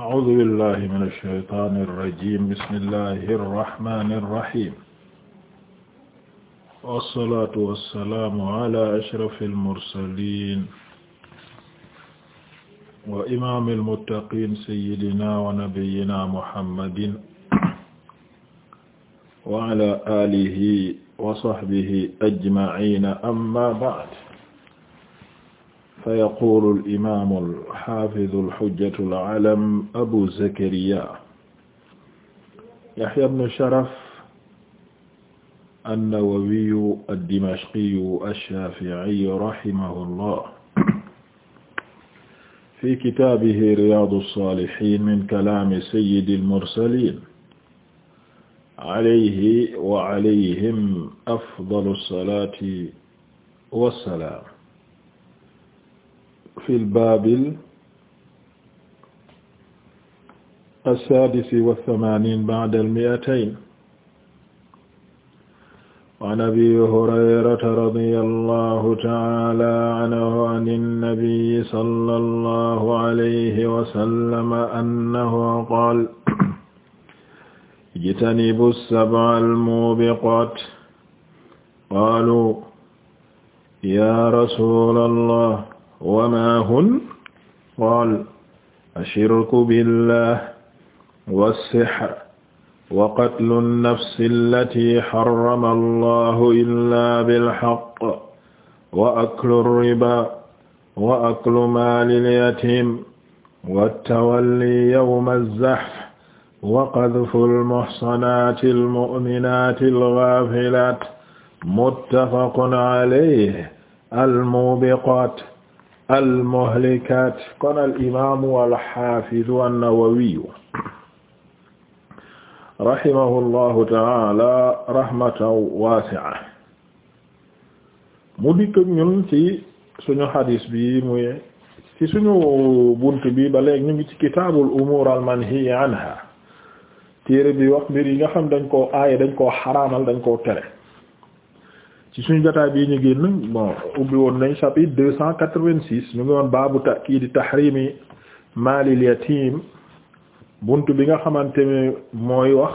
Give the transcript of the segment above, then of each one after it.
a'uuzu billahi mina shaytaani rajiim bismillahi rahmaani rahiim. wasalaatu wasalaamu ala ashrafil mursaliin. wa imaamil muttaqiin sayyidinaa wa nabiyyinaa muhammadin. wa ala aalihi wa sahbihi ajma'iina amma ba'd. فيقول الإمام الحافظ الحجة العلم أبو زكريا يحيى بن شرف النووي الدمشقي الشافعي رحمه الله في كتابه رياض الصالحين من كلام سيد المرسلين عليه وعليهم أفضل الصلاة والسلام fi lbabil assaadisi wathamaaniin ba'da al-mi'atayn an abi hurayrata radiyallahu ta'ala anhu ani nabiyyi sallallahu alayhi wa sallam annahu qaala ijtanibu as-sab'a al-muubiqaat qaaluu ya rasuulallah wa ma hun qaal ashirku billah wassixr wa qatlu nnafsi allati xarrama allahu illa bilxaq wa aklu riba wa aklu maalil yatiim wattawalli yawma zzaxf wa qadfu lmuxsanaati almu'minaati algaafilaat muttafaqun alayhi almuubiqaat almuhlikaat kon al imaamu alxaafidu annawawiyu rahimahu llahu taala rahmatan waasi'a mu dikk ak ñun suñu xadis bi muy ci suñu bunt bi ba léegi ñu ngi ci kitaabul umuur al manhiyi anha téere bi wax mbir yi nga xam dañ koo aaye ko koo xaraamal dañ koo tere ci suñu jotaay bii ñu génn bon ubbi woon nañ chapitre deux cent quatre-vingt-six ñu ngi woon baabu ta'kiidi tahrimi maalil yatiim bunt bi nga xamante ne mooy wax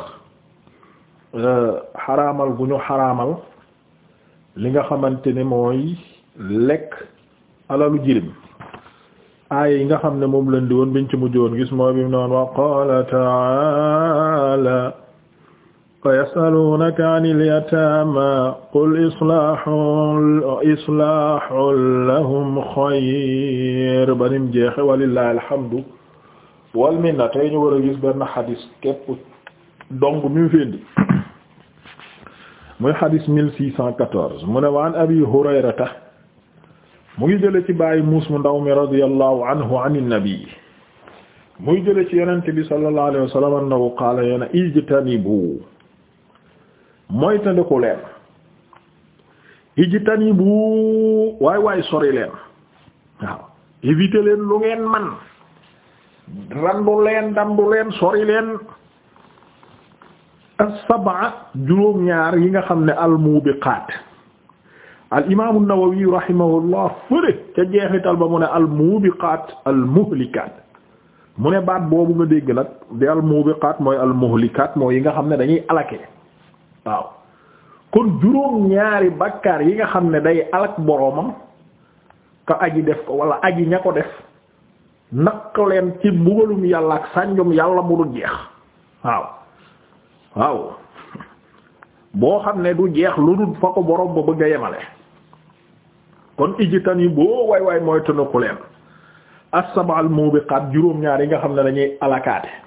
euh, xaraamal gu ñu xaraamal li nga xamante ni mooy lekk alalu jirim aaya yi nga xam ne moom leen di woon biñ ci mujj woon gis mooy bi mu ne woon wa qaala ta'aala wa yas'aluunaka anil yataama qul islaahun islaahun lahum xayr ba nim jeexe walillaahi alhamdu wal minna tey ñu war a gis benn xadis képp dong mi mu fendi muy xadis mille six cent quatorze mu ne waan abi hurayrata mu ngi jële ci bàyyi muus mu ndaw mi radiyallahu anhu an nabi muy jële ci yonent bi sallallahu alayhi wa sallam annahu qaala yana ijtanibu moytandiku leen bu waay waay sori leen waaw éviter leen lu ngeen man randu leen dandu leen sori leen as juróom-ñaar yi nga xam ne al-mubiqaat al imaamu an-Nawawi rahimahullah fëre ca jeexital ba mu ne al-mubiqaat al-muhlikaat mu ne baat boobu nga dégg nag di al-mubiqaat mooy al-muhlikaat mooy yi nga xam ne dañuy alake waaw kon juróom ñaari bakkaar yi nga xam ne day alak boroomam ka aji def ko wala aji ña ko def naq leen ci mbugalum yàlla ak sànjum yàlla mu du jeex waaw waaw boo xam ne du jeex lu dul fa ko boroom ba bëgg a yemale kon ijitan yi boo waay waay mooy tënu ko leen as-sab'al mubiqaat juróom ñaar yi nga xam ne dañuy alakaate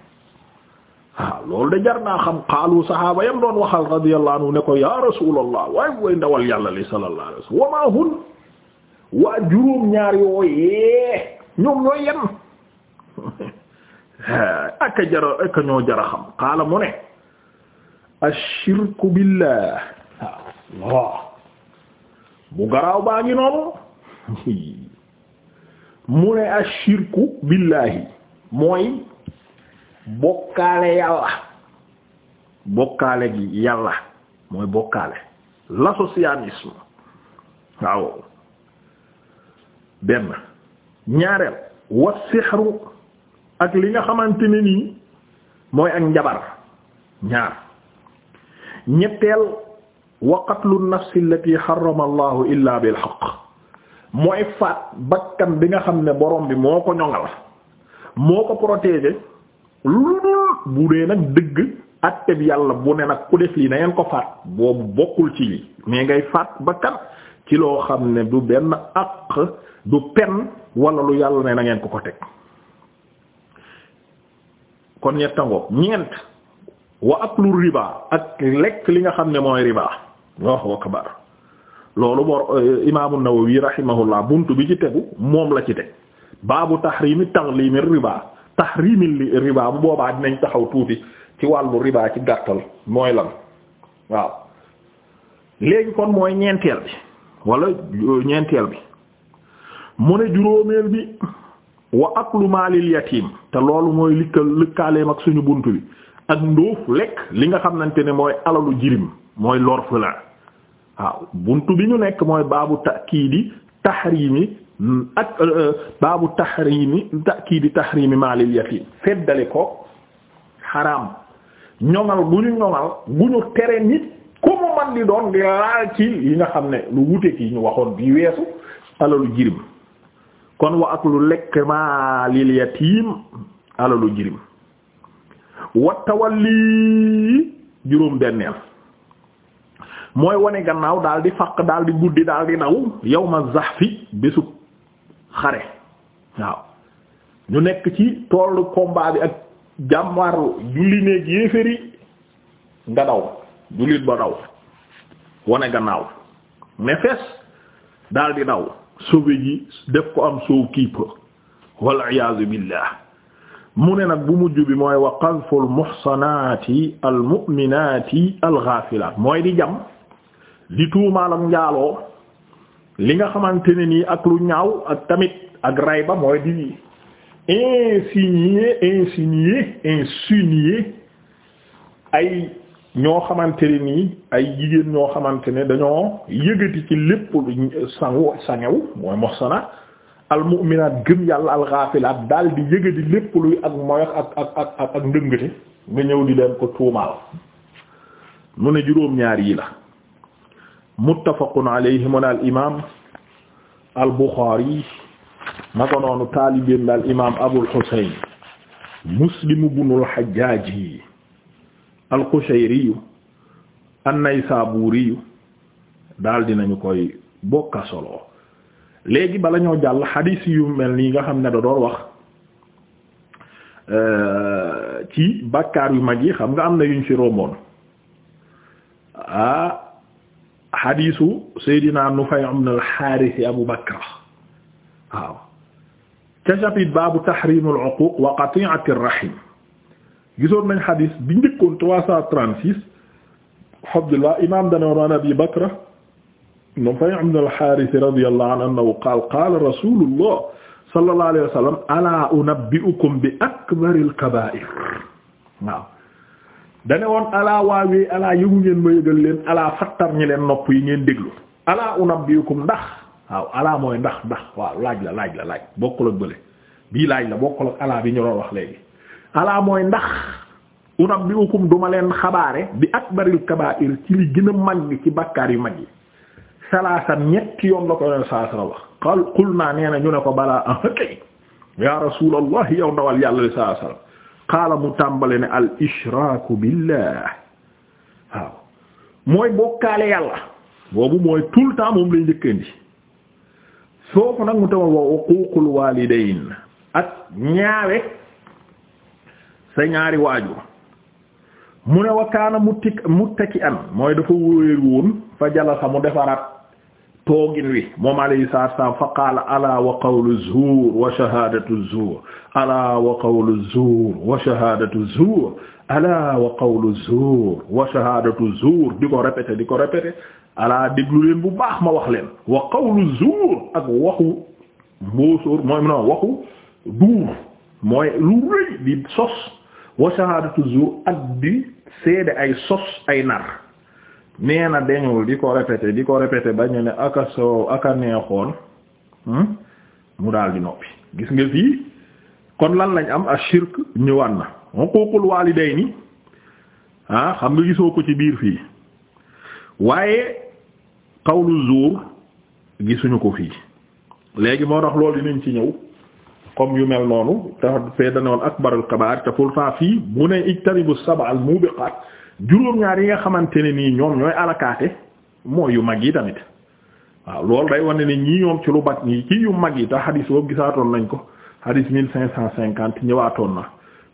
waaw ah, loolu da jar naa xam xaalu saxaaba yam doon waxal radiyallahu anhu ne ko ya rasulallah waaye way ndawal yàlla li sallallahu alayhi wasallam wamaa hun waa juróom ñaar yooyee ñoom ñooy yan aka jara aka ñoo jara xam xaala mu ne ashirku billah waaw bu garaaw baa ngi noonu mu ne ashirku billahi mooy bokkaale yàlla bokkaale gi yàlla mooy bokkaale l'associationnisme waaw benn ñaareel wa sixru ak li nga xamante ne nii mooy ak njabar ñaar ñetteel wa qatlu nafsi allati illa bil haqq mooy faat bakkan bi nga xam ne borom bi moo ko ñoŋal moo ko protéger lu dul bu dee nag dëgg atte bi yàlla bu ne nag ku def lii na ngeen ko faat boobu bokkul ci lii mais ngay faat ba kan ci loo xam ne du benn àq du pen wala lu yàlla ne na ngeen ko ko teg kon ñettango ñeent wa aklu riba ak lekk li nga xam ne mooy riba Allahu akbar loolu bor eh, imaamu Nawawi rahimahullah buntu bi ci tegu moom la ci teg baabu tahrimi taxlimi riba tahrimil riba bu boobaa dinañ taxaw tuuti ci wàllu ribaa ci gàttal mooy lan waaw léegi kon mooy ñeenteel bi wala ñeenteel bi mu ne juróomeel bi wa aklu maalil yatim te loolu mooy likkal lëkkaaleem ak suñu bunt bi ak ndóof lekk li nga xamante ne mooy alalu jirim mooy l'orphelin waaw bunt bi ñu nekk mooy baabu takiidi tahrimi ak euh, euh, baabu kii takiidi tahrimi maalil yatim feddali ko xaraam ñoŋal bu ñu ñoŋal bu ñu tere nit ku mu man di doon di laal ci yi nga xam ne lu wute ki ñu waxoon bi weesu alalu jirim kon wa ak lu lekk maalil yatim alalu jirim wa tawalli juróom benneel mooy wone gannaaw daal di faq daal di guddi daal di daw yawma zahfi bésu xare waaw ñu nekk ci toolu combat bi ak jàmmaru julli néeg yéeféri nga daw jullit ba daw wane gannaaw ne fees daal di daw sauvé ji def ko am sauve qui wala wal iyaazu mu ne nag bu mujj bi mooy wa qadful muhsanaati al mu'minaati al ghaafilaat mooy di jam di tuumaal ak njaaloo li nga xamante ne nii ak lu ñaaw ak tamit ak ray ba mooy di insinuer insinuer insinuer ay ñoo xamante ne nii ay jigéen ñoo xamante ne dañoo yëgati ci lépp lu sangu sangew mooy moxsana almu'minaat gëm yàlla alxaafilaat daal di yëgati lépp luy ak moyox ak ak ak ak nga ñëw di leen ko tuumaal mu ne juróom-ñaar yi la muttafaqun alayhi mu ne al imaam al buxaari naka noonu taalibeem bi al imaam abul xuseyn muslim ibnul xajjaaji al qushayri an-naysaburi daal dinañu koy bokka solo léegi bala ñoo jàll xadiis yu mel nii nga xam ne da wax euh, ci bàkkaar yu mag yi xam nga am na yuñ fi romboon ah, xadiisu Seydina Nufay ibn al-Haaris Abu Bakra waaw ca chapitre baabu tahriimul uquuq wa qati'atir rahim gisoon nañ xadiis bi njëkkoon trois cent trente-six Abdullah imaam dana woon Abi Bakra Nufay ibn al-Haaris radiyallahu anhu annahu qaala qaala rasuulullah sallallahu alayhi wa sallam alaa unabbi'ukum bi akbaril kabaa'ir waaw dane woon alaa waawee alaa yëgu ngeen ma yëgal leen alaa fattar ñi leen nopp yi ngeen déglu alaa unabbiukum ndax waaw alaa mooy ndax ndax waaw laaj la laaj la laaj bokkul ak bële bii laaj la bokkul ak alaa bi ñu doon wax léegi alaa mooy ndax unabbiukum duma leen xabaare bi akbaril kabaa'ir ci li gën a mag ci bakkaar yu mag yi salaasan ñetti yoon la ko yoon saa sala wax qal qul naa nee na ñu ne ko balaa ah kay ya rasulallah yow ndawal yàlla li saa qaala mu tàmbali na al ishraaku billah waaw mooy bokkaale yàlla boobu mooy tout le temps moom lay njëkkandi foofu nag mu tawal wa uquuqul waalidayn ñaawe sa ñaari waajur mu ne wa kaana muttaki an mooy dafa wóoyal woon fa jalasa mu defaraat toogin wi moom alayhi salaatu salaam fa qaala alaa wa qawlu zuur wa shahaadatu zuur alaa wa qawlu zuur wa wa qawlu zuur wa di ko répété di ko répété alaa déglu leen bu baax ma wax leen wa qawlu zuur ak waxu mbóosóor mooy mu noonu waxu duur mooy lu rëy di sos wa shahaadatu zuur ak di seede ay sos ay nar nee na dañul di ko répété di ko répété ba ñu ne aka soow aka neexoon hmm, mu daal noppi gis nga fii kon lan lañ am ashirk ñëwaat na huququl walidayni ah xam nga gisoo ko ci biir fii waaye qawlu zuur gisuñu ko fii léegi moo tax loolu dinañ ci ñëw comme yu mel noonu te fee danoon akbarul kabaa'ir te pourtant fii mu ne ijtanibu sab'al mubiqaat juróom-ñaar yi nga xamante ne nii ñoom ñooy alakaate mooy yu mag yi tamit waaw loolu day wane ne ñii ñoom ci lu bat ñii ci yu mag yi te xadis boobu gisaatoon nañ ko xadis mille cinq cent cinquante ñëwaatoon na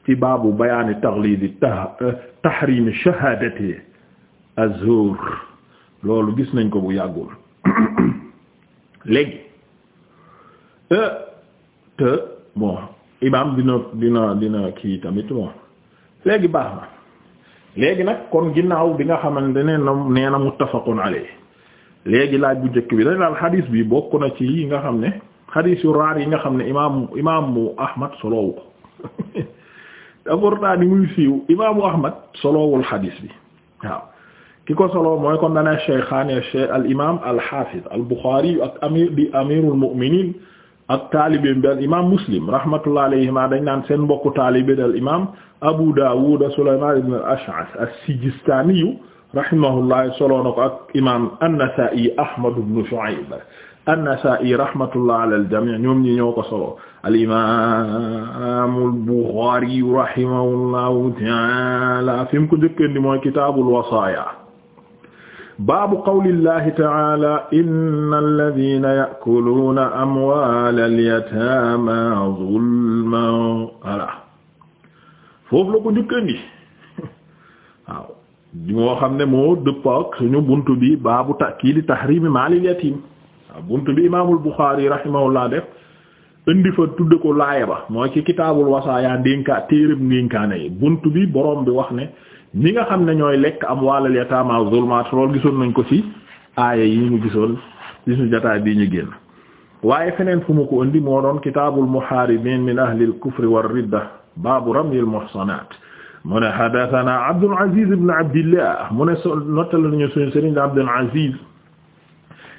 ci baabu bayaani taxlidi ta tahrimi shahadati azur loolu gis nañ ko bu yàggul léegi euh, te bon imam dina dina dina kii tamit léegi baax na léegi nag kon ginnaaw bi nga xamante ne na nee na muttafaqun alayhi léegi laaj bu njëkk bi dañ daal xadiis bi bokk na ci yi nga xam ne xadiis yu raar yi nga xam ne imaamu imaamu Ahmad solowu ko te pourtant ni muy siiw imaamu Ahmad solowul xadiis bi waaw ki ko solo mooy kon dana Shaykhaani al imaam al xaafiz al Buxaari ak amir di ak taalibeem bi al imaam muslim rahmatullah alayhima dañ naan seen mbokku taalibe al imaam Abu Dawud Sulaymaan ibn al-Ash'ath as-Sijistaaniyu rahimahullah soloo na ko ak imaam an-Nasaa'i Ahmad ibn Shu'ayb an-Nasaa'i rahmatullah ala al-jamii' ñoom ñi ñoo ko soloo al imaam al-Bukhaari rahimahullahu ta'aala fi mu ko njëkkandi mooy kitaabul wasaaya baabu qawlillahi ta'ala innal ladhina ya'kuluna amwalal yatama zulman voilà foofu la ko njëkkandi waaw moo xam ne moo dëppoo ak suñu buntu bi baabu ta'kili tahrimi maalil yatim waaw buntu bi imaamul Bukhari rahimahullah def indi fa tudde ko laaya ba mooy ci kitaabul wasaaya ndénkaa téeréb ndénkaane yi buntu bi borom bi wax ne ñi nga xam ne ñooy lekk am waalal yataama zulmaat loolu gisoon nañ ko ci aaya yi ñu gisoon ci suñu jotaay bii ñu génn waaye feneen fu mu ko indi moo doon kitaabul muhaaribiin min ahlil kufri war ridda baabu ramyil muhsanaat mu ne haddasanaa Abdul Aziz ibn Abdillah mu ne so nottali nañu suñu sëriñ Abdul Aziz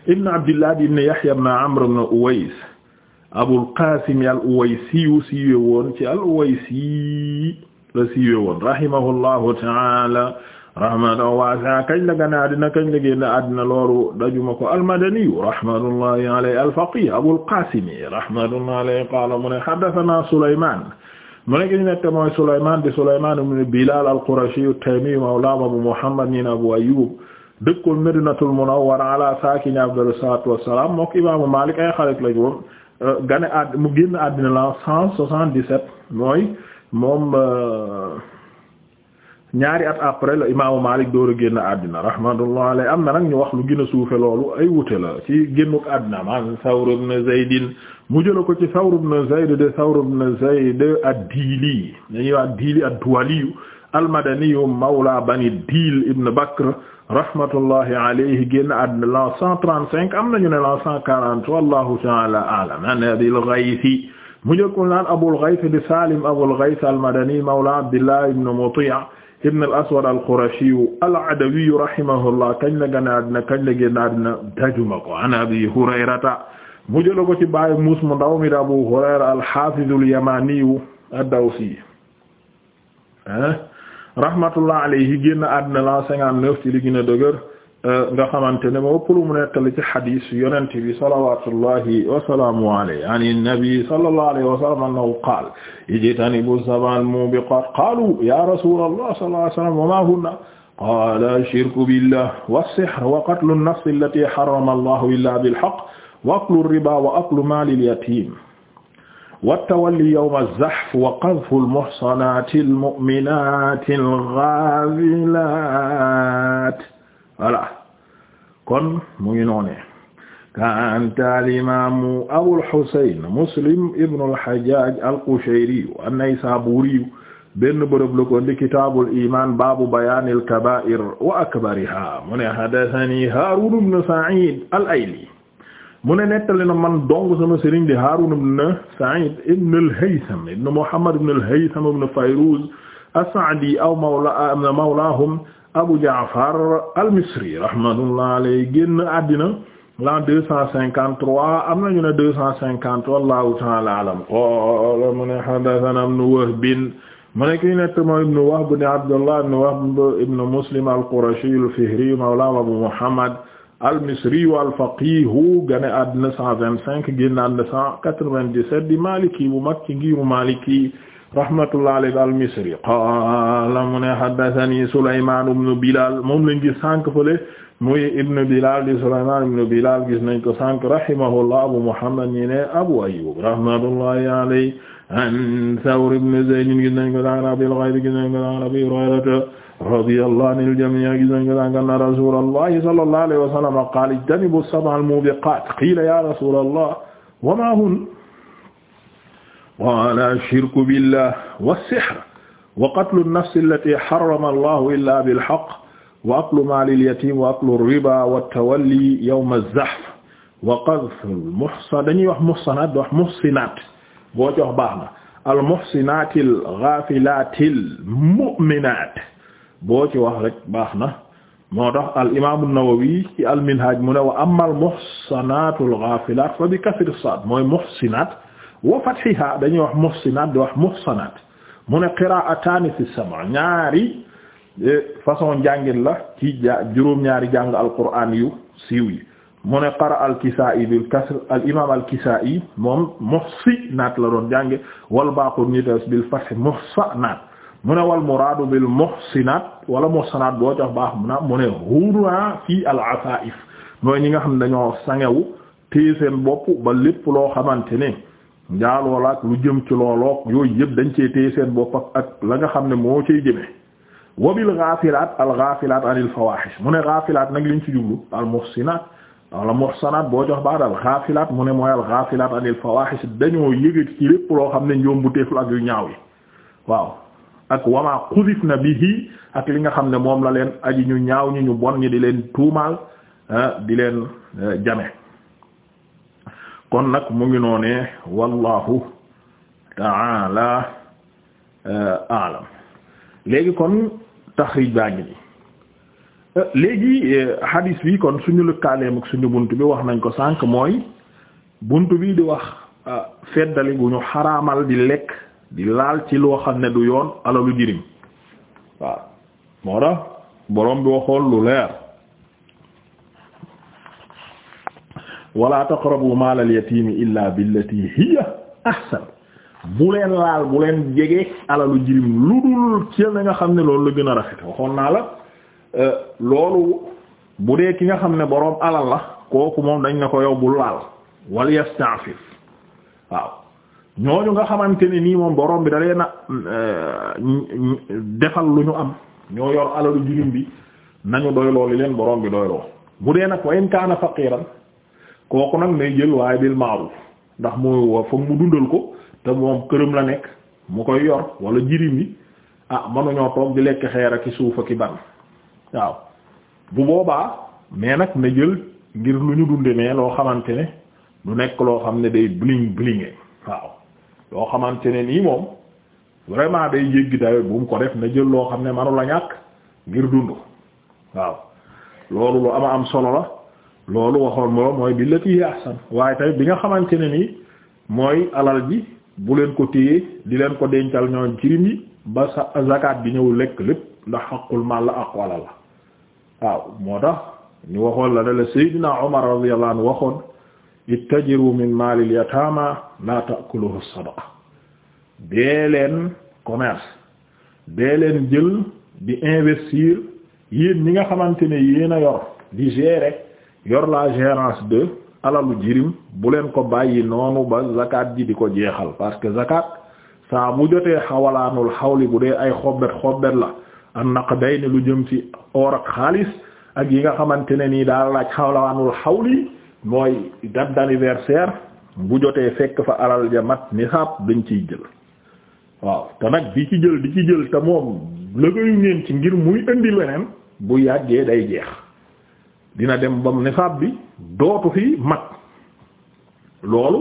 ibn Abdillah ibn Yahya ibn Amr ibn Uways Abul Qaasim al-Uwaysi siiw siiwee woon ci al-Uwaysi la siiwe woon rahimahullahu taala rahmatan waasi'a kañ la gane àddina kañ la génn àddina loolu dajuma ko almadaniyu rahmatullahi alayhi alfaqih abul qasimi rahmatullahi alayhi qaala mu ne haddathana Sulaymaan mu ne ki ñu nekk mooy Sulaymaan di Sulaymaan ibn Bilaal al-Qurashi at-Taymi mawlaa Abu Muhammad ñi Abu Ayyub dëkkoon Madinatul Munawwara ala saakini afdalu salaatu wassalaam mook imaamu Maalik ay xarit lañu woon gane àdd mu génn àddina la 177 mooy moom euh, ñaari at après la imaamu Maalik door a génn àddina rahmatullah alayhi am na nag ñu wax lu gën a suufe loolu ay wute la ci génnuk àddina man Sawr ibn Zayd mu jël ko ci Sawr ibn Zayd de Sawr ibn Zayd ad-Diili dañuy ad-Diili al-Madaniyu mawla Bani Diil ibn Bakr rahmatullahi alayhi génn àddina l'an am na ñu ne l'an 140 wallahu ta'ala a'lam an Abil mu njëkkul naan Abul Ghays di Salim Abul Ghays al-Madani mawla Abdillah ibn Muti' ibn al-Aswad al-Qurashi al-Adawi rahimahullah kañ la gane àddina kañ la génn àddina dajuma ko an Abi Hurayrata mu jëla ko ci baay muus mu ndaw mi di Abu Hurayra al-Hafiz al-Yamani ad-Dawsi eh? rahmatullah alayhi génn àddina la 59 ci li gën a dëgër Euh, nga xamante ne moo ëpp lu mu nettali ci xadiis yonent bi salawaatullahi wa salaamu alayhi ani nabi sallallahu alayhi wa sallam annahu qaala ijtanibu sab'al muubiqaat qaalu ya rasuulallah sallallahu alayhi wa sallam wa maa hunna qaala ashirku billahi wa sihru wa qatlu an-nafsi allatii harrama allahu illaa bil haqq wa aklu ribaa wa aklu maalil yatiim والتولي يوم الزحف وقذف المحصنات المؤمنات الغافلات voilà kon mu ngi noonee kanta alimamu abul husayn muslim ibnu al-hajjaj al-qushayri an-naysaburi benn bërëb la ko ndi kitaabul iman baabu bayaanil kabaa'ir wa akbariha mu ne hadathani haarun ibn sa'id al-ayli mu ne nettali na man dong sama sëriñ di haarun ibn sa'id ibn al-haytham ibn muhammad ibn al-haytham ibn fayruz as-sa'di aw mawla mawlahum Abu Jaafar al-Misri rahmatullah alayhi génn àddina l'an deux cent cinquante trois am nañu ne deux cent cinquante wallahu ta'ala alam qaala mu ne haddathana ibn Wahb mu ne kii nekk mooy ibn Wahb ibn Abdullah ibn Wahb ibn Muslim al-Qurashi al-Fihri mawla Abu Muhammad al-Misri al-faqihu gane àddina cent vingt cinq génn àddina cent quatre-vingt-dix-sept di Maliki bu mag ci ngiru Maliki rahmatullah alayhi al-Misri qaala mu ne haddathani Sulaymaan ibn Bilaal moom lañ gis sànq fële muy ibn Bilaal di Sulaymaan ibn Bilaal gis nañ ko sànq rahimahullah Abu Muhammad ñi ne Abu Ayyuub rahmatullahi alayhi an Thawr ibn Zayd gis nañ ko sànq Abil Ghayb gis nañ ko sànq Abi Hurayrata radiyallahu anil jamii' gis nañ ko sànq anna Rasuulallahi sallallahu alayhi wa sallam qaala ijtanibu as-sab'a al-muubiqaat qiila ya Rasuulallah wa maa hunna wala shirku billah walsixr wa qatlu lnafse allati xarama allahu illa bilxaq wa aklu maalil yatim wa aklu riba waltawalli yowma alzahf wa qadfu lmuxsa dañuy wax muxsanaat di wax muxsinaat boo ci wax baax na almuxsinaati algaafilaati almu'minaat boo ci wax rek baax na moo tax alimaamu nawawi ci alminhaaj mu ne wa ama almuxsanaatu algaafilaat fa bi kasri saad mooy muxsinaat wa fathiha dañuy wax muhsinaat di wax muhsanaat mu ne qiraataani fi sama ñaari e, façon njàngin la ci ja juróom-ñaari jàng alquraan yu siiw yi mu ne qara al-Kisaa'i bil kasr al-imaam al-Kisaa'i moom muhsinaat la doon jànge wal Baaqurni bil fath muhsanaat mu ne wal muraadu bil muhsinaat wala muhsanaat boo jox baax mu na mu ne huna fii al-afaa'if mooy ñi nga xam ne dañoo sangewu téye seen ba lépp loo xamante ne njaaloola ak lu jëm ci loolook yooyu yëpp dañ cee téye seen bopp ak la nga xam ne moo ciy jëmee wabil gaafilaat al gaafilaat anil fawaahish mu ne gaafilaat nag ñu ci jublu al muhsinaat wala muhsanaat boo jox baax daal gaafilaat mu ne mooy al gaafilaat anil fawaahish dañoo yëgati ci lépp loo xam ne ñoom bu teeful ak yu ñaaw yi waaw ak wamaa xudif na bihi ak li nga xam ne moom la leen aji ñu ñaaw ñi ñu bon ñi di leen tuumaal ah, di leen eh, jame kon nag mu ngi noonee wallahu ta'ala eh, a'lam léegi kon taxrij baa ngi nii eh, léegi hadis eh, bi kon suñu lëkkaaleem ak suñu bunt bi wax nañ ko sànq mooy bunt bi di wax feddali gu ñu xaraamal di lekk di laal ci loo xam ne du yoon alalu jirim waaw moo tax boroom bi waxoon lu leer wala taqrabu maalal yatiimi illaa billatii hiya ahsan bu leen laal bu leen jege alalu jirim lu dul ci na nga xam ne loolu la gën a rafet waxoon naa la euh, loolu bu dee ki nga xam ne boroom alal la kooku moom dañ ne ko yow bu laal wal yastaafif waaw ñooñu nga xamante ni nii moom boroom bi da leen a euh, defal lu ñu am ñoo yor alalu jirim bi nañu doy loolu leen boroom bi doy lool bu dee nag wa in kaana faqiran kooku nag nay jël waaye bil ma'ruf ndax mooy foog mu dundal ko te moom këram la nekk mu koy yor wala jirim yi ah mënuñoo toog di lekk xeer ak suuf ak ban waaw bu boobaa mais nag na jël ngir lu ñu dunde mais loo xamante ne du nekk loo xam ne day bling blingé waaw loo xamante ne nii moom vraiment day jéggi dawe bu ko def na jël loo xam ne manu la ñàkk ngir dund waaw loolu lu ama am solo la loolu waxoon moo mooy bi lati ahsan waaye tamit bi nga xamante ne ni mooy alal ji bu leen ko téye di leen ko dencal ñoom cirim yi ba sa zakat bi ñëw lekk lépp ndax xaqul mal la aqu la waaw moo tax ñu waxoon la ne la sayyidina Umar radiyallahu anhu waxoon ittajiru min maalil yataama la ta'kuluhu sadaqa dee leen commerce dee leen jël bi investir yéen ñi nga xamante ne yéen a yor di gérer yor la gérance de alalu jirim bu leen ko bàyyi noonu ba zakat ji di ko jeexal parce que zakat saa bu jotee xawalaanul xawli bu dee ay xobbet xobbet la naq naqday ne lu jëm ci or ak xaalis ak yi nga xamante ne nii daal laaj xawalaanul xawli mooy date d'anniversaire bu jotee fekk fa alal ja mat nisaab dañ ciy jël waaw te nag di ci jël di ci jël te moom lëgëyu ngeen ci ngir muy indi leneen bu yàggee day jeex dina dem ba mu nisaab bi dootu fi mat loolu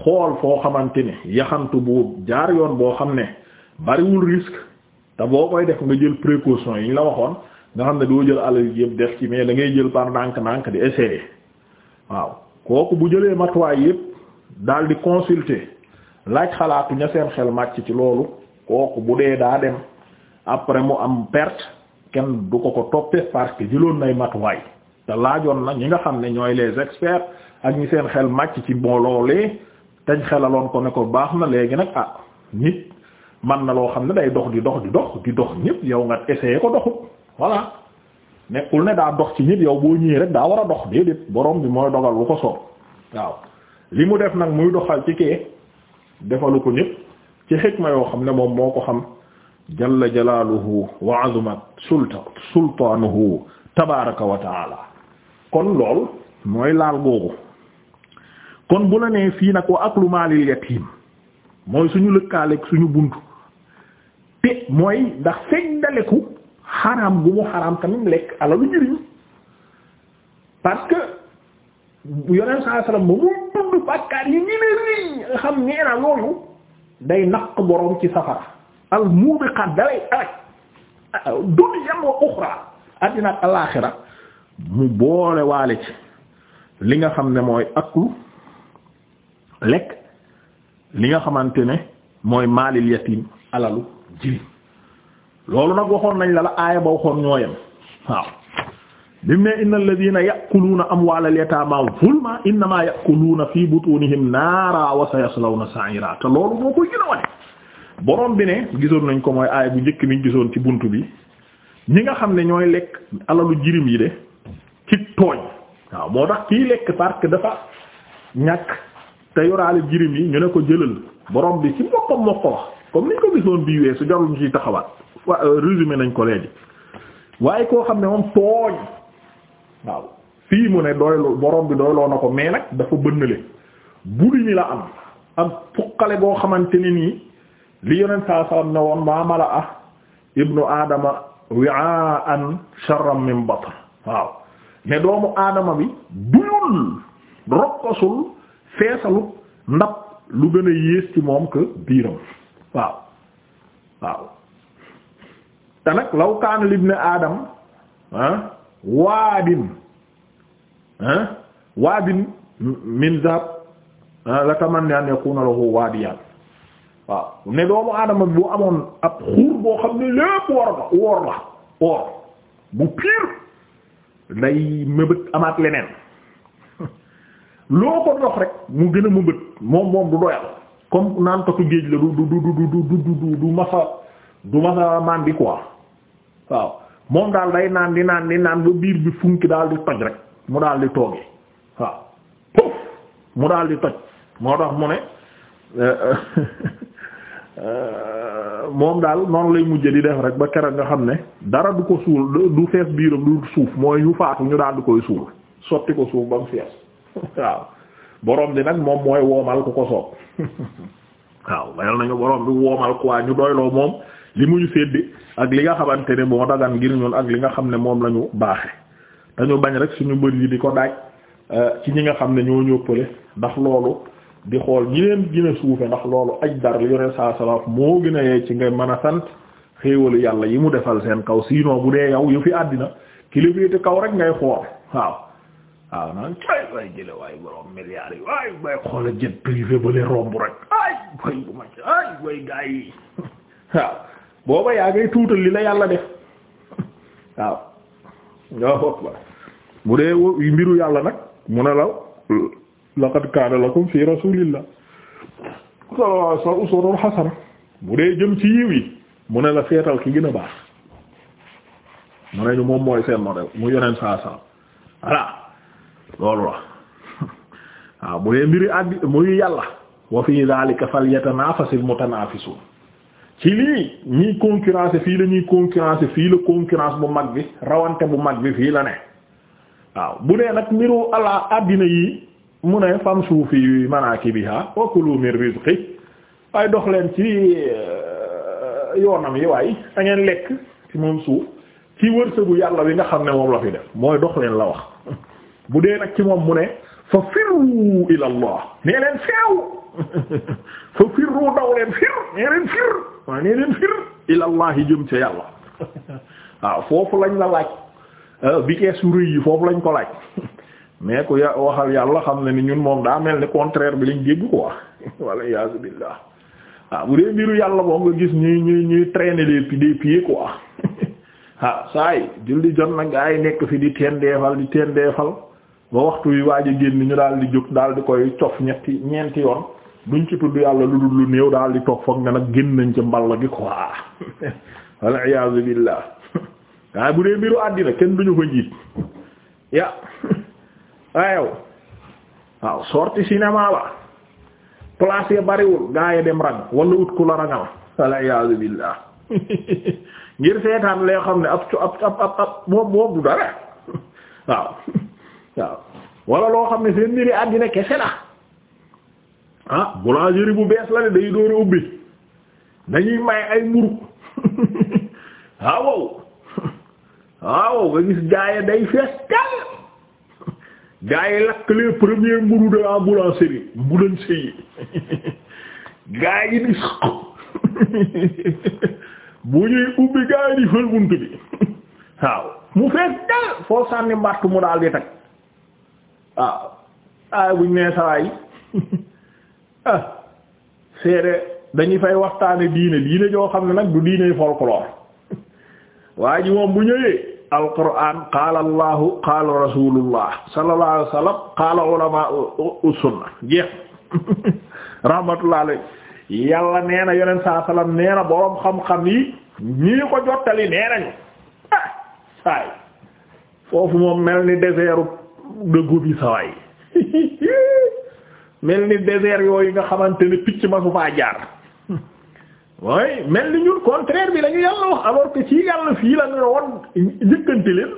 xool foo xamante ne yaxantu bu jaar yoon boo xam ne bariwul risque te boo koy def nga jël précaution yi ñu la waxoon nga xam ne doo jël alal yëpp def ci mais dangay jël par dànk dànk di essayer waaw kooku bu jëlee matuwaay yëpp daal di consulter laaj xalaatu ña seen xel màcc ci loolu kooku bu dee daa dem après mu am perte kenn du ko ko toppee parce que jëloon nay matuwaay. te laajoon na ñi nga xam ne ñooy les experts ak ñi seen xel màcc ci mbooloolee tañ xelaloon ko ne ko baax na léegi nag ah nit man na loo xam ne day dox di dox di dox di dox ñëpp yow nga essayé ko doxut voilà nekkul ne daa dox ci ñëpp yow boo ñëwee rek daa war a dox déedéet borom bi mooy dogal lu ko soob waaw li mu def nag muy doxal ci kee defalu ko ñëpp ci xikma yoo xam ne moom moo ko xam jalla jalaaluhu wa azumat sulta sultaanuhu tabaraka wa taala kon lool mooy laal googu kon bu la nee fii nag wa aklu maalil yatiim mooy suñu lëkkaaleek suñu buntu te mooy ndax feddaleku xaraam gu mu xaraam tamit lekk que yoneen saa salaam yi ñu ne riiñ xam nee loolu day naq boroom ci safara al muubiqaat dalay alaj dunya wa uxra àddina alaaxira mu boole waale ci li nga xam ne mooy akku lekk li nga xamante ne mooy maalil yatim alalu jirim loolu nag waxoon nañ la la aaya ba waxoon ñooyam waaw bimu ne innal ladina ya'kuluna amwalal yatama zulma innama ya'kuluna fi butunihim naara loolu moo koy gën a wane borom bi ne gisoon nañ ko mooy aay bu njëkk mi gisoon ci bunt bi ñi nga xam ne ñooy lekk alalu jirim yi de waaw moo tax kii lekk parce dafa ñàkk te yoraale jirim yi ñu ne ko jëlal borom bi ci boppam moo ko wax comme niñ ko gisoon bii weesu jarul ñu ciy taxawaat wa euh, résumé nañ ko léegi waaye koo xam ne moom tooñ waaw fii mu ne doylu borom bi doyloo na ko mais nag dafa bënnale buri ni la am am fukkale boo xamante ni nii li yonent saa salaam ne woon maa mala ah ibnu aadama wi'aan sharran min batn waaw ne doomu aadama bi duyul rokkosul feesalut ndab lu gën a yées ci moom que biiram waaw waaw te nag law kaana ne aadam ah waadin ah waadin min zab ah, la tamanna an yakuna lahu waadiyan waaw ne doomu aadama bi bu amoon ab xuur boo xam ne lépp woor la woor la woor bu pire day mëbët amaat leneen loo ko dox rek mu gën a mëbët moom moom du doyal comme naan ko tu géej la du du du du du du du du masa màndi waaw moom daal day naan di naan di naan ba biir bi funki daal di toj rek mu daal di toogee waaw pof mu daal di toj moo tax mu ne euh, euh, euh, moom daal noonu lay mujje di def rek ba keroog nga xam ne dara du ko suul du fees biiram du suuf mooy ñu faatu ñu daal di koy suul sotti ko suuf bam fi fees waaw borom bi nag moom mooy woomal ku ko soob waaw mayal nañu borom bi woomal quoi ñu doyloo moom li mu ñu séddi ak li nga xamante ne moo dagan ngir ñun ak li nga xam ne moom la ñu baaxe dañu bañ rek suñu bët yi di ko daaj euh, ci ñi nga xam ne ñoo ñëppale ndax loolu di xool ñi leen gën suufe ndax loolu aj dar li yoneen saa moo gën a yee ci nga mën a sant xéewalu yàlla yi mu defal seen kaw sinon bu dee yow yu fi àddina kilifeete kaw rek ngay xool waaw waaw naan cay waay jële waay yi ma ay bay gaay yi waaw booba yaa ngay tuutal li la yàlla def waaw bu dee mbiru yàlla nag mu ne la laqad kaana lakum fi rasulillah sallallahu alayhi wa sallam uswatun hasana bu dee jëm ci yiw yi mu ne la seetal ki gën a baax mu ne ñu moom mooy seen modèle mu yoneen saa saa voilà loolu la waaw bu dee mbiri àddi muy yàlla wa fi dhalika falyatanafasil mutanafisun ci lii ñiy concurrence fii la ñuy concurrence fii la concurrence bu mag bi rawante bu mag bi fii la ne waaw bu dee nag mbiru ala àddina yi mu ne famshu fi manakibiha wa kulu min rizqi waaye dox leen ci euh, yoonam yi waaye da lekk ci moom suuf ci wërsëgu yàlla bi nga xam ne moom la fi def mooy dox leen la wax bu dee nag ci moom mu ne fa firru ila allah nee leen feew fa firru daw leen fir nee leen fir waaye nee leen fir ila jëm ca yàlla waaw foofu lañ la laaj vitesse euh, yu rëy yi foofu lañ ko laaj mais ko ya waxal yàlla xam na ni ñun moom daa mel ni contraire bi lañ dégg quoi wala yaasu billah waaw ah, bu dee mbiru yàlla moom nga gis ñuy ñuy ñuy traîner les des pieds quoi ah saa yi julli jot na gaa yi nekk fi di teen deefal di teen deefal ba waxtu wi waaj a ñu daal di jóg daal di koy cof ñetti ñeenti yoon duñ ci tudd yàlla lu dul néew daal di toog foog ne nag génn nañ ci mball gi quoi waaye ah, bu dee mbiru àddina kenn duñu ko jiit ya ayow waaw sorti cinéma la place ya bariwul gaa yi dem rang wala wut ku la rangal aliyasu billah ngir seetaan lay xam ne ab ab ab ab moom du dara waaw waaw loo xam ne seen mbiri àddina kese la ah boulangerie bu bees la ne day dóor ubbi dañuy may ay mburu waaw waaw nga gis gaa day fees dal gaa yi lakk les premiers mburu de la boulangerie boulangerie gaa yi di bu ñuy ubbi gaa yi di fël bunt bi waaw mu fees dal foo sànni mbàtt mu daal di tag waaw aay buñ nee sawaay ah seede dañu fay waxtaane diine diine joo xam ne nag du diine folklore waa ji moom bu ñëwee al qaala allahu qaala rasulullah sallallahu wa sallam qaala ulama sunna jeex rahmatullah alayhi yàlla nee na yonent saa sallam nee na boroom xam-xam yi ñii ko jottali nee nañu saay foofu moom mel ni désert de Gobi sawaay mel ni désert yooyu nga xamante ne picc ma su faa jaar way mel ni ñun contraire bi lañu yàlla wax alors que ci yàlla fii la ne woon njëkkante leen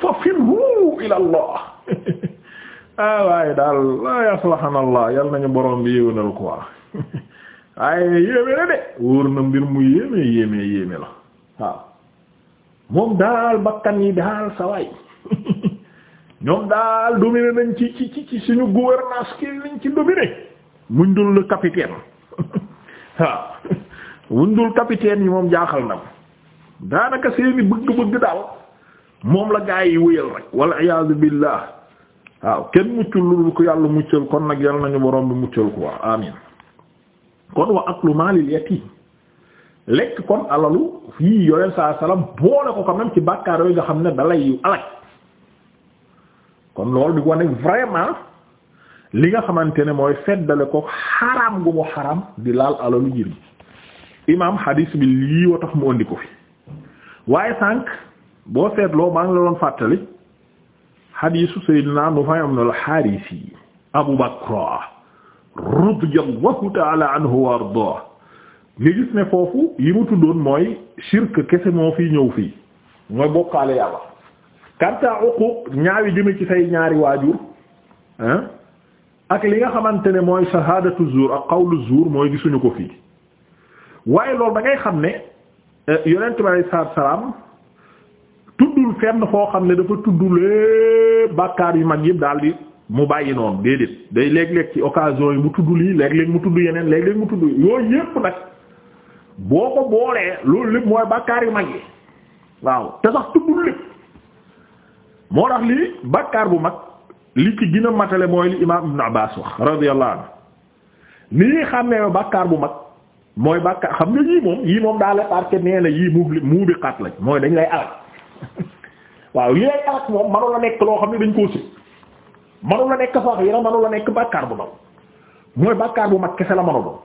fa firru ila ah, waaye daal la yaslahanallah yal nañu borom bi yéwénal quoi waaye yéeme la de wóor na mbir mu yéeme yéeme yéeme la waaw moom daal bakkan yi daal sawaay ñoom daal dominé nañ ci ci ci suñu gouvernance ki lañ ci dominé muñ dul le waaw wundul capitaine yi moom jaaxal na ko daanaka seeni bëgg-bëgg daal moom la gaa yi wéyal rek walla iyaazu billaah waaw kenn muccul lu ko yàlla muccal kon nag yàlla nañu borom bi muccal ko waaw amin kon wa aklu maalil yatiim lekk kon alalu fii yooyu sa salaam boole ko quand ci bàkkaar yooyu nga xam ne dalay alal kon loolu di ko ne vraiment li nga xamante ne mooy feddale ko xaraam gu mu xaraam di laal alalu jir imaam hadis bi lii wa tax mu andi ko fi waaye sànq boo seetloo maa ngi la doon fàttali hadisu sayyidina Nufay ibn al-Harisi Abu Bakra radiyallahu ta'ala anhu wa ardaah nga gis ne foofu yi mu tuddoon mooy shirk kese moo fi ñëw fii mooy bokkaale yàlla karta uquq ñaawi jëme ci say ñaari waajur ah, ak li nga xamante ne mooy shahadatu zuur ak qawlu zuur mooy gisuñu ko fii waaye loolu da ngay xam ne euh, yonent bi alayhi salaatu salaam tuddul fenn foo xam ne dafa tuddulee bàkkaar yu mag yëpp daal mu bàyyi noonu déedéet day léeg-léeg ci occasion yi mu tudd lii léeg-léeg mu tudd yeneen léeg-léeg mu tudd yooyu yëpp nag boo ko boolee loolu lépp mooy bàkkaar yu mag yi waaw te sax tuddul lépp moo tax lii bàkkaar bu mag li ci gën a matale mooy li imaam Ibn Abbas wax radiyallahu anhu ni xam ne bàkkaar bu mag. mooy bàkkaar xam nga yii moom yii moom daal parce que nee na yii mu muubiqaat lañ mooy dañ lay alak waaw li lay alak moom manu la nekk loo xam ne dañ koo si manu la nekk sax yéen manu nekk bàkkaar bu ndaw mooy bu mag kese la manu doon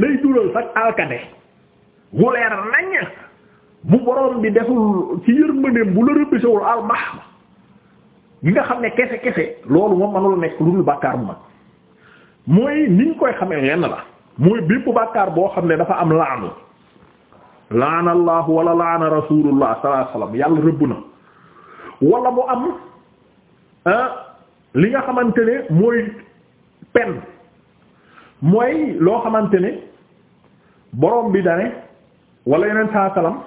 lay dural sax nañ bu borom bi deful ci yërmandeem bu la rëbbisewul almaxma gi nga xam ne kese kese loolu moom manu la nekk lu dul bàkkaar bu mag mooy niñ koy xamee yenn la muy bépp bàkkaar boo xam ne dafa am laanu laana allah wala laana rasulullah sallallahu alayhi wasallam yàlla rëbb na wala mu am ah, li nga xamante ne mooy pen mooy loo xamante ne borom bi dane wala yeneen saa salaam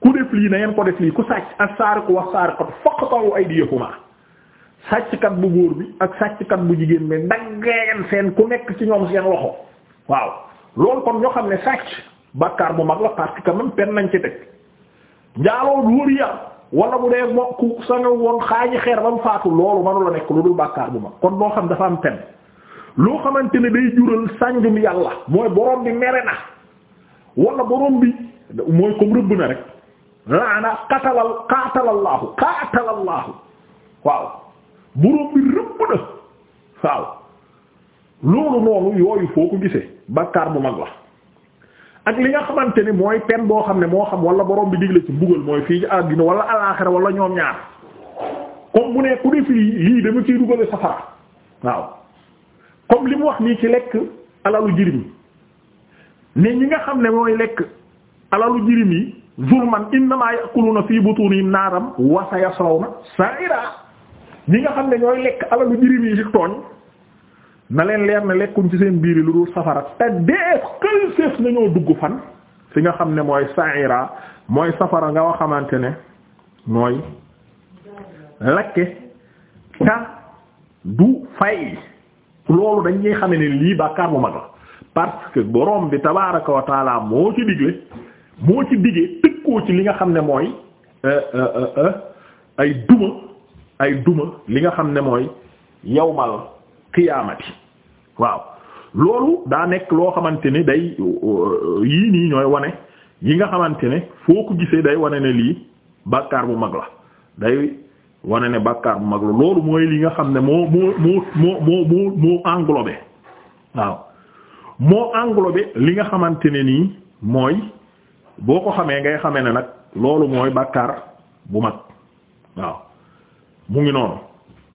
ku def lii na ngeen ko def lii ku sàcc as-sariqu was-sariqatu faqta'u aydiyahuma sàcckat bu góor bi ak sàcckat bu jigéen bi daggeen seen ku nekk ci ñoom seen loxo waaw loolu kon ñoo xam ne sàcc bàkkaar bu mag la parce pen nañ ci teg njaaloo wóor yar wala bu dee moo ku sa nga woon xaaji xeer ba mu faatu loolu manu la nekk lu dul bàkkaar bu mag kon loo xam dafa am pen loo xamante ne day jural sànjum yàlla mooy borom bi mere na wala borom bi mooy comme rëbb na rek laana ah qatalal qatalallaahu qatalallaahu waaw borom bi rëbb na waaw loolu noonu yooyu foo ko gisee bàkkaar bu mag la ak li nga xamante ni mooy pen boo xam ne moo xam wala borom bi digle ci mbugal mooy fii ci àddina wala alaaxira wala ñoom ñaar comme bu ne ku def lii lii dama ciy dugale safara waaw comme li mu wax nii ci lekk alalu jirim ne ñi nga xam ne mooy lekk alalu jirim yi zulman innama yaquluna fi butunihim naaram wa sayaslawna sa'ira ñi nga xam ne ñooy lekk alalu jirim yi ci tooñ na leen leer na lekkuñ ci seen biir yi lu dul safara te dee kël séef nañoo dugg fan fi nga xam ne mooy saira mooy safara nga wax xamante ne mooy lakke ta du fay loolu dañuy xame ne lii bàkkaar bu mag la parce borom bi tabaaraka wa taala moo ci digle moo ci digee tëkkoo ci li nga xam ne mooy euh, euh, euh, ay duma ay duma li nga xam ne mooy yawmal qiyaamati waaw loolu daa nekk loo xamante ni day yii nii ñooy wane yi nga xamante ne foo ko gisee day wane ne lii bàkkaar bu mag la day wane ne bàkkaar bu mag la loolu mooy li nga xam ne moo moo moo moo moo moo moo englobé waaw moo englobé li nga xamante ne nii mooy boo ko xamee ngay xamee ne nag loolu mooy bàkkaar bu mag waaw mu ngi noonu